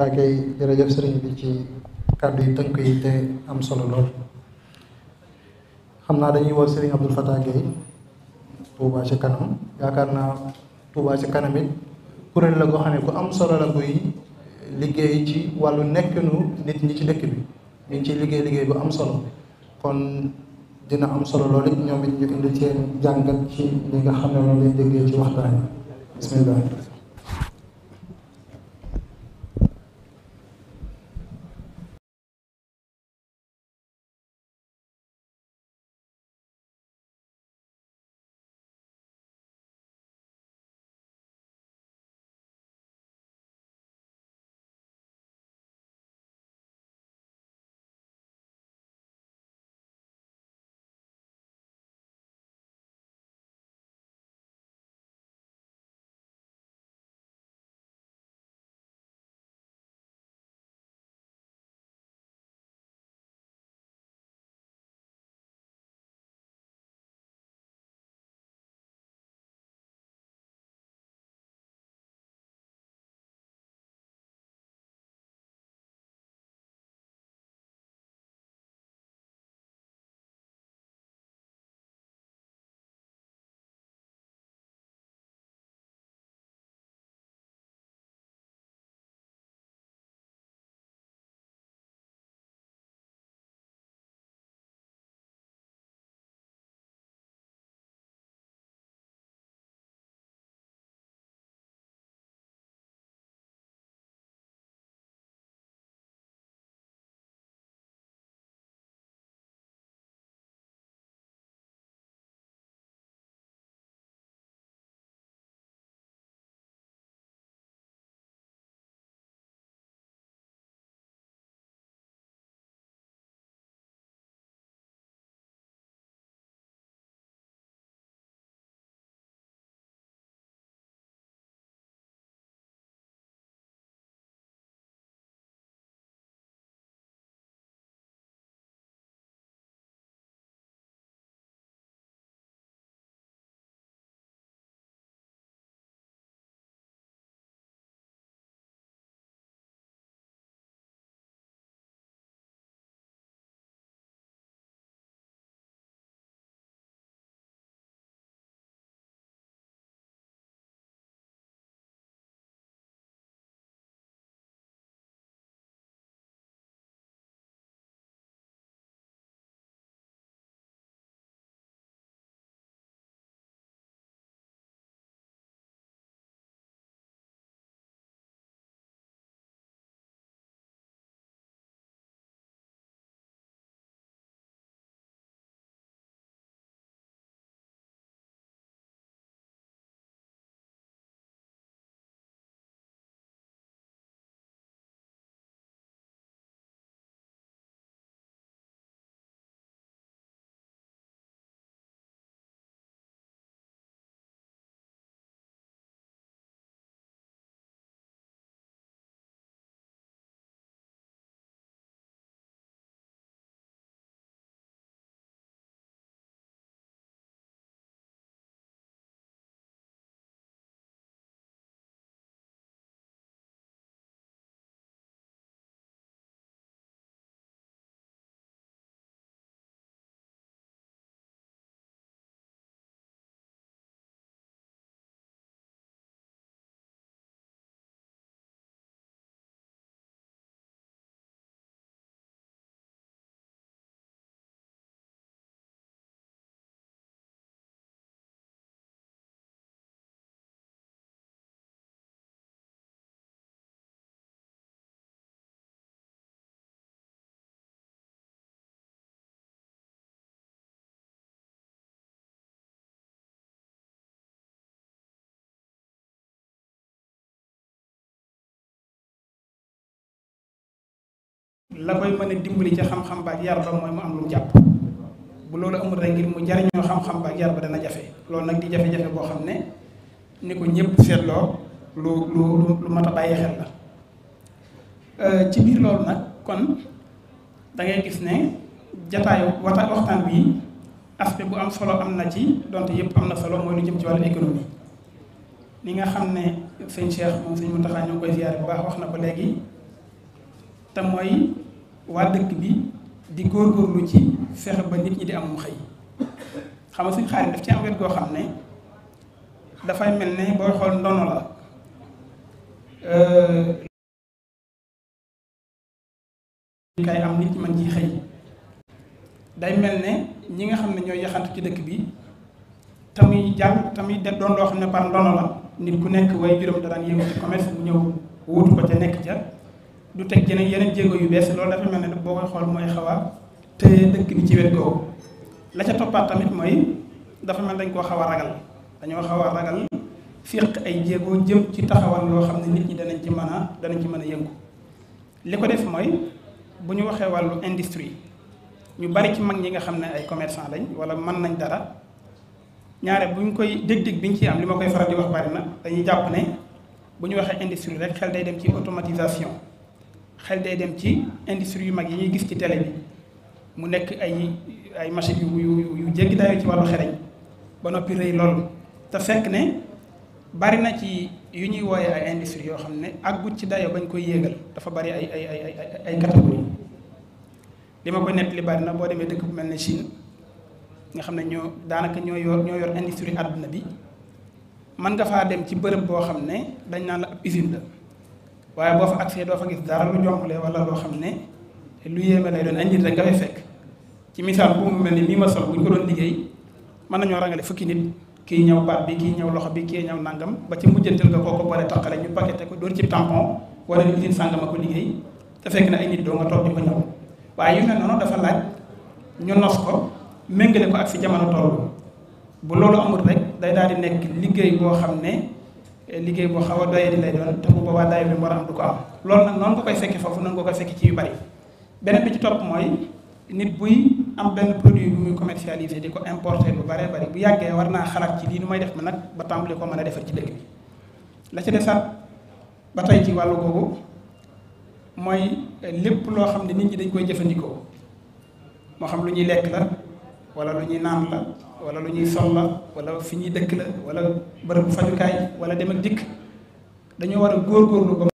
daa koy jërëjëf sëriñ bi ci kàddu yi tënk yi te am solo lool xam naa dañuy woo sëriñ Abdou Fatah Gueye Touba ci kanam yaakaar naa Touba ci kanam it kuréel la goo xam ne ku am solo la buy liggéey ci wàllu nekkinu nit ñi ci dëkk bi ñu ngi ciy liggéey liggéey bu am solo kon dina am solo lool it ñoom it ñu indi seen jàngat ci li nga xam ne moom lañ déggee ci wax yi la koy mën a dimbali ci xam-xam ba ak yar ba mooy mu am lu jàpp bu loolu amul rek ngir mu jariñoo xam-xam ba ak yar ba dana jafe loolu nag di jafe-jafe boo xam ne ni ko ñëpp seetloo lu lu lu mat a bàyyi xel la euh, ci biir loolu nag kon da gis ne jataayu wata waxtaan bi aspect bu am solo am na ci dont yëpp am na solo mooy lu jëm ci wàllu économie ni nga xam ne sëñ Cheikh moom sëñ Mountakha ñoo koy ziar bu baax wax na ba léegi te mooy waa dëkk bi di góor góorgóorlu ci fexe ba nit ñi di amum xëy xam nga suñu xaar daf ci am wet goo xam ne dafay mel ne booy xool ndono la am nit ñi mën ci day mel ne ñi nga xam ne ñooy yaxantu ci dëkk bi tamuy jàll tamuy de doon loo xam ne par ndono la nit ku nekk way juróom da daan yëngu ci mu ñëw wutu ko ca nekk ca du teg jeneen yeneen jéego yu bees loolu dafa mel ne boo koy xool mooy xaw te téye dëkk bi ci wet googu la ca toppaat tamit mooy dafa mel dañ koo xaw a ragal dañoo xaw a ragal fiq ay jéego jëm ci taxawal loo xam ne nit ñi danañ ci mën a danañ ci mën a yëngu li ko def mooy bu ñu waxee wàllu industrie ñu bari ci mag ñi nga xam ne ay commerçant lañ wala mën nañ dara ñaaree bu ñu koy dég-dég bi ñu ciy am li ma koy faral di wax bari na dañuy jàpp ne bu ñu waxee industrie rek xel day dem ci automatisation xel day dem ci industrie yu mag yi ñuy gis ci télé bi mu nekk ay ay machine yu yu yu jéggi dayoo ci wàllu xereñ ba noppi rëy loolu te fekk ne bari na ci yu ñuy wooye ay industrie yoo xam ne àggut ci dayoo bañ koy yéegal dafa bari ay ay ay ay catégorie li ma koy nett li na boo demee dëkk bu mel ne Chine nga xam ne ñoo daanaka ñoo yor ñoo yor industrie àdduna bi mën nga faa dem ci bërëm boo xam ne dañ naan la ab usine la waaye boo fa agsee doo fa gis dara lu joxle wala loo xam ne lu yéeme lay doon ay nit rek nga fay fekk ci misaal bu mel ni mii ma sol bu ñu ko doon liggéey mën nañoo rangale fukki nit kii ñëw baat bi kii ñëw loxo bi kii ñaw nangam ba ci mujjantal nga kooku boole taqale ñu paqueté ko dóor ci tampon wala ni usine sàngama ko liggéey te fekk na ay doo nga toog di ko ñëw waaye yu mel noonu dafa laaj ñu nos ko méngale ko ak fi jamono toll bu loolu amul rek day daal di nekk liggéey boo xam ne liggéey boo xaw a doyee di lay doon te bu boobaa daay bi mu war a du ko am loolu nag noonu nga koy fekke foofu noonu nga koy fekke bi ci topp mooy nit buy am benn produit bu muy commercialisé di ko importer bu baree bari bu yàggee war naa xalaat ci lii nu may def ma nag ba tàmbali ko mën a defar ci dëkk bi la ci desaat ba tey ci wàll googu mooy lépp loo xam ne nit ñi dañ koy jëfandikoo moo xam lu ñuy lekk la wala lu ñuy naan la wala lu ñuy sol la wala fi ñuy dëkk la wala bërëbu fajukaay wala dem ak dikk dañoo war a góorgóorlu ba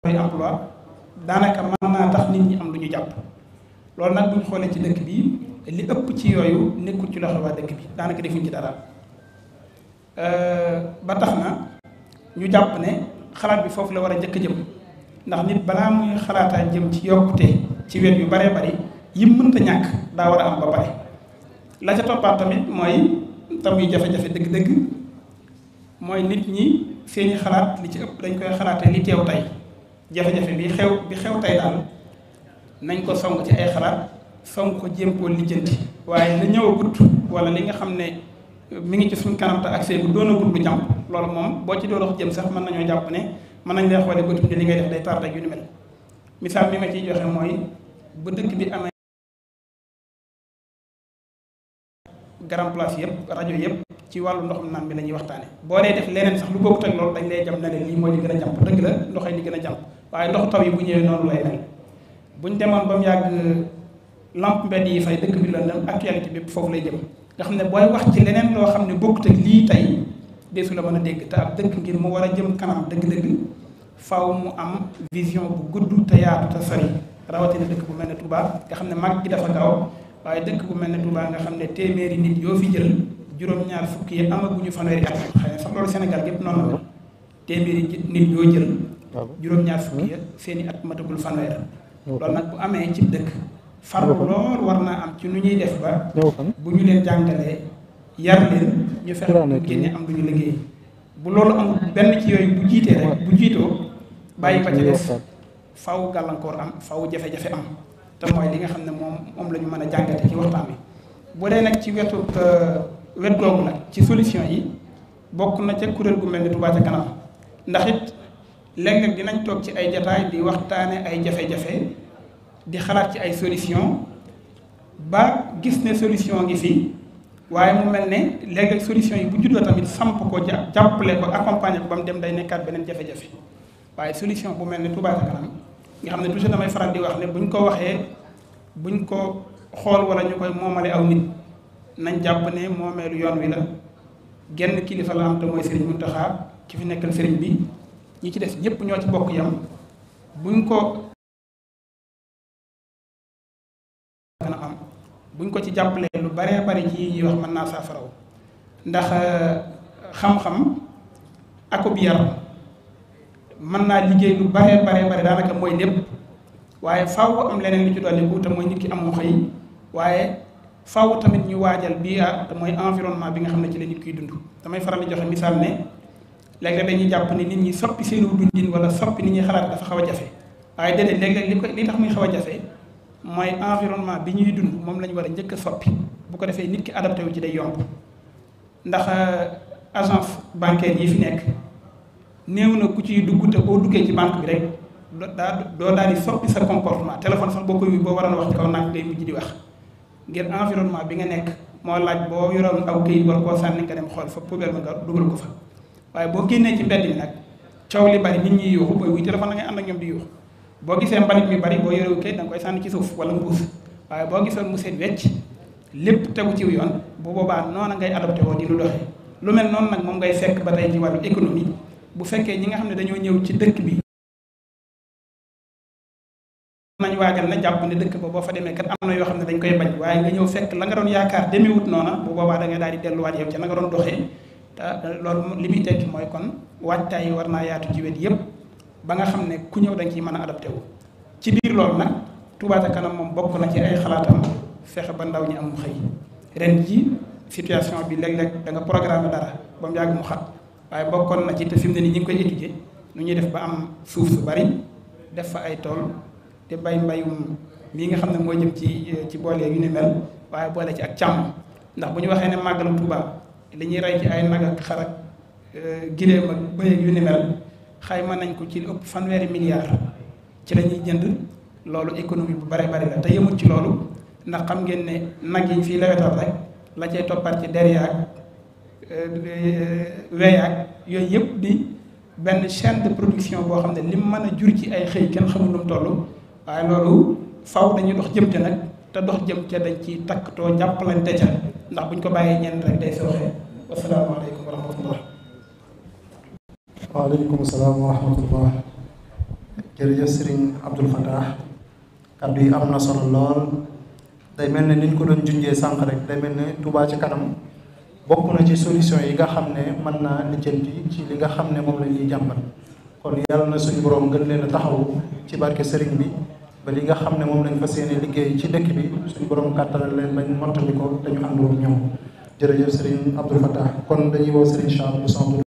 koy daanaka mën naa tax nit ñi am lu ñu jàpp loolu nag bu xoolee ci dëkk bi li ëpp ci yooyu nekkul ci loxo waa dëkk bi daanaka defuñ ci dara ba tax na ñu jàpp ne xalaat bi foofu la war a njëkk jëm ndax nit balaa muy xalaataa jëm ci yokkute ci wet yu baree bari yim mënta ñàkk daa war a am ba pare la ca toppaat tamit mooy tamuy jafe-jafe dëgg-dëgg mooy nit ñi seeni xalaat li ci ëpp dañ koy xalaate li teew tey jafe-jafe bi xew bi xew tey daal nañ ko song ci ay xalaat song ko jéem koo lijjanti waaye la ñëwagut wala li nga xam ne mi ngi ci suñ kanam te seen bu doonagut lu jàmp loolu moom boo ci doon jëm sax mën nañoo jàpp ne mën nañ lay xoolee bëtum ne li ngay def day tardé ak yu ni mel misaal bi mooy grand place yëpp rajo yëpp ci wàllu ndoxum naan bi la ñuy waxtaane boo dee def leneen sax lu bokkut ak loolu dañ lay jam na ne lii mooy li gën a jàmp dëgg la ndoxee li gën a jàmp waaye ndoxu taw yi bu ñëwee noonu lay mel buñ demoon ba mu yàgg lamp mbedd yi fay dëkk bi lëndëm actualité bépp foofu lay jëm nga xam ne booy wax ci leneen loo xam ne bokkut ak lii tey deesu la mën a dégg te ab dëkk ngir mu war a jëm kanam dëgg-dëgg faw mu am vision bu gudd te yaatu te sori rawatina dëkk bu mel ne Touba nga xam ne mag gi dafa gaaw waaye dëkk bu mel ne Touba nga xam ne téeméeri nit yoo fi jël juróom-ñaar fukki yi amaguñu fanweeri at xëy na loolu Sénégal gépp noonu la téeméeri nit yoo jël ah juróom-ñaar fukki yi hmm? seen at matagul fanweer hmm. loolu nag bu amee ci dëkk farlu hmm. lool war naa am ci nu ñuy def ba bu ñu leen jàngalee yar leen ñu fexe génne am lu ñu liggéey bu loolu amul benn ci yooyu bu jiitee rek bu jiitoo bàyyi ba ca des faw gàllankoor am faw jafe-jafe am te li nga xam ne moom moom la ñu mën a jàngate ci waxtaan wi bu dee nag ci wetu euh, wet googu nag ci solution yi bokk na ca kuréel gu mel ni Touba ca kanam ndax it léeg-léeg dinañ toog ci ay jataay di waxtaane ay jafe-jafe di xalaat ci ay solution ba gis ne solution ngi si waaye mu mel ne léeg-léeg solution yi bu juddoo tamit samp ko jàppale ko accompagner ko ba mu dem day nekkaat beneen jafe-jafe waaye solution bu mel ne Touba ca kanam nga xam ne toujours damay faral di wax ne buñ ko waxee buñ ko xool wala ñu koy moomale aw nit nañ jàpp ne moomeelu yoon wi la genn kilifa la am te mooy Serigne Mountakha ki fi nekkal Serigne bi ñi ci des ñëpp ñoo ci bokk yam buñ ko gën am buñ ko ci jàppalee lu bare bari ci yi ñuy wax mën naa saafaraw ndax euh, xam-xam akub yar man naa liggéey lu baree baree bare daanaka mooy lépp waaye faaw am leneen lu ci dolliku te mooy nit ki amu xëy waaye faaw tamit ñu waajal bii ah te mooy environnement bi nga xam ne ci la nit kiy dund damay faral di joxe misaal ne léeg-léeg dañuy jàpp ne nit ñi soppi seenu dundin wala soppi nit ñuy xalaat dafa xaw a jafe waaye déedéet léeg-léeg li ko li tax muy xaw a jafe mooy environnement bi ñuy dund moom la ñu war a njëkk a soppi bu ko defee nit ki adapté wu ci day yomb ndax euh, agence bancaire yi fi nekk néew na ku ciy dugg te boo duggee ci banque bi rek daa doo daal di soppi sa comportement téléphone sax boo koy wi boo waroon wax ci kaw naaj mujj di wax ngir environnement bi nga nekk moo laaj boo yoroon aw këyit war koo sànni nga dem xool fa poubelle nga dugal ko fa waaye boo génnee ci mbedd mi nag coow li bari nit ñi yuuxu booy wuy téléphone da ngay ànd ak ñoom di yuuxu boo gisee mbalit mi bari boo yorewu këyit da nga koy sànni ci suuf wala mbuus waaye boo gisoon mu seet wecc lépp tegu ci yoon bu boobaa noonu ngay adopté woo di lu doxee lu mel noonu nag moom ngay fekk ba tey ci wàllu économie bu fekkee ñi nga xam ne dañoo ñëw ci dëkk bi nañu waa waagal na jàpp ne dëkk ba boo fa demee kat am na yoo xam ne dañ koy bañ waaye nga ñëw fekk la nga doon yaakaar demewut noona bu boobaa da nga daal di delluwaat yow ca na nga doon doxee te loolu li muy tekki mooy kon waajtaay yi war naa yaatu ci wet yépp ba nga xam ne ku ñëw da nga ciy mën a adapté wu ci biir loolu nag Touba kanam moom bokk na ci ay xalaatam fexe ba ndaw ñi am xëy ren ji situation bi léeg-léeg da nga programme dara ba mu mu xat waaye bokkoon na ci te fi mu ne nii ñu ngi koy étudier nu ñuy def ba am suuf su bari def fa ay tool te bay mbayum lii nga xam ne moo jëm ci ci boole yu ni mel waaye boole ci ak càmm ndax bu ñu waxee ne màggalu Tuubaa li ñuy rey ci ay nag ak xar ak euh, gileem ak yu ni mel xayma nañ ko ci ëpp fanweeri milliards ci lañuy jënd loolu économie bu bare bari la te yëmut ci loolu ndax xam ngeen ne nag yi ñu fiy lewetal rek la cay toppaat ci derrière Euh, euh, weyaak yooyu yëpp di benn chaîne de production boo xam ne lim mën a jur ci ay xëy kenn xamul lu mu toll waaye loolu faw dañuy dox jëm ca nag te dox jëm ca dañ ci takktoo jàppalante ca ndax buñ ko bàyyee ñenn rek day sooxee wasalaamaaleykum wa rahmatullah waaleykum salaam wa rahmatullah jërëjëf Serigne Abdoul am na solo lool day mel ne ni ñu ko doon junjee sànq rek day mel ne Touba ci kanam bokk na ci solution yi nga xam ne mën naa lijjanti ci li nga xam ne moom la ñuy jàmbat kon yàlla na suñu borom gën leen a taxaw ci barke sëriñ bi ba li nga xam ne moom lañ fas yéene liggéey ci dëkk bi suñu borom kàttanal leen bañ mottali ko dañu àndoo ñoom jërëjëf sëriñ Abdou Fatah kon dañuy woo sëriñ Charles bu sant